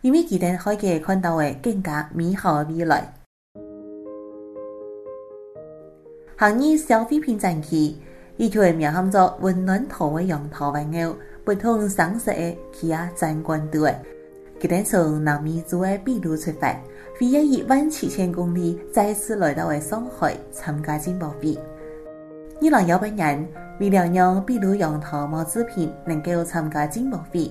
因為今天我們看到的更加美好嘅未來。 行業消費品展期，依舊係名叫做温暖桃嘅羊駝玩偶，不同省市嘅其他展館都誒，佢哋從南美洲嘅秘魯出發，飛越一萬七千公里，再次來到誒上海參加進博會。伊朗有本人，為了讓秘魯羊駝毛製品能夠參加進博會。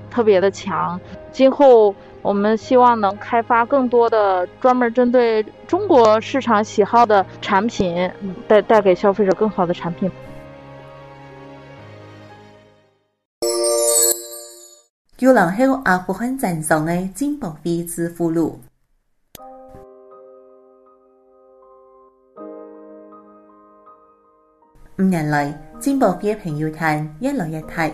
特別的強，今後我們希望能開發更多的專門針對中國市場喜好的產品，帶帶給消費者更好的產品。有人喺我阿哥很贊賞嘅進博會芝腐乳，五年來進博會一瓶要談一兩一提。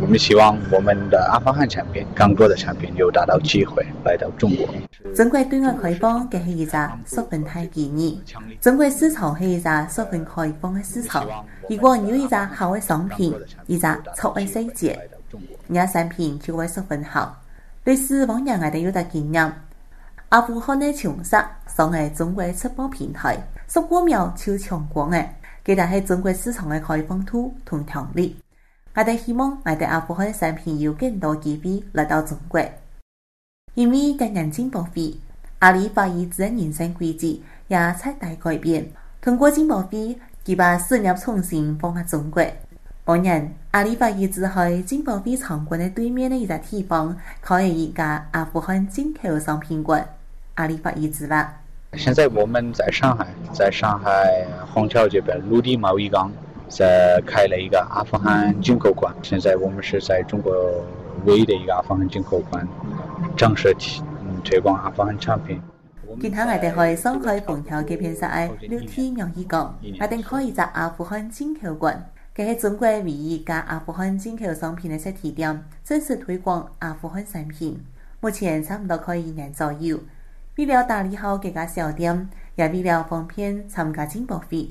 我們希望我們的阿富汗產品、更多的產品有達到機會來到中國。中國對外開放嘅係一個十分太建議。中國市場係一個十分開放嘅市場。如果你有一個好嘅商品，一個潮嘅細節，你嘅產品就會十分好。類似往年我哋有個經驗，阿富汗嘅強勢成為中國出口平台，使規秒超全國嘅，佢帶係中國市場嘅開放度同潛力。我哋希望我的阿富汗商品有更多機會來到中國。因為人進博會，阿里法意子嘅人生軌跡也徹底改變。通過進博會，佢把事業重新放喺中國。某日，阿里法意子喺進博會場館的對面的一個地方開了一家阿富汗進口商品館。阿里法意子吧，現在我們在上海，在上海虹橋這邊陸地貿易港。在開了一個阿富汗進口館，現在我們是在中國唯一的一個阿富汗進口館，正式推推廣阿富汗產品在。今天我哋去上海虹橋嘅邊上，綠地貿易港，我哋可以在阿富汗進口館，係中國唯一一家阿富汗進口商品的實體店，正式推廣阿富汗產品。目前差唔多可以一年左右，為了打理好自家小店，也為了方便參加進博會。